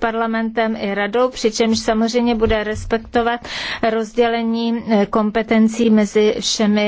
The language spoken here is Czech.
parlamentem i radou, přičemž samozřejmě bude respektovat rozdělení eh, kompetencí mezi všemi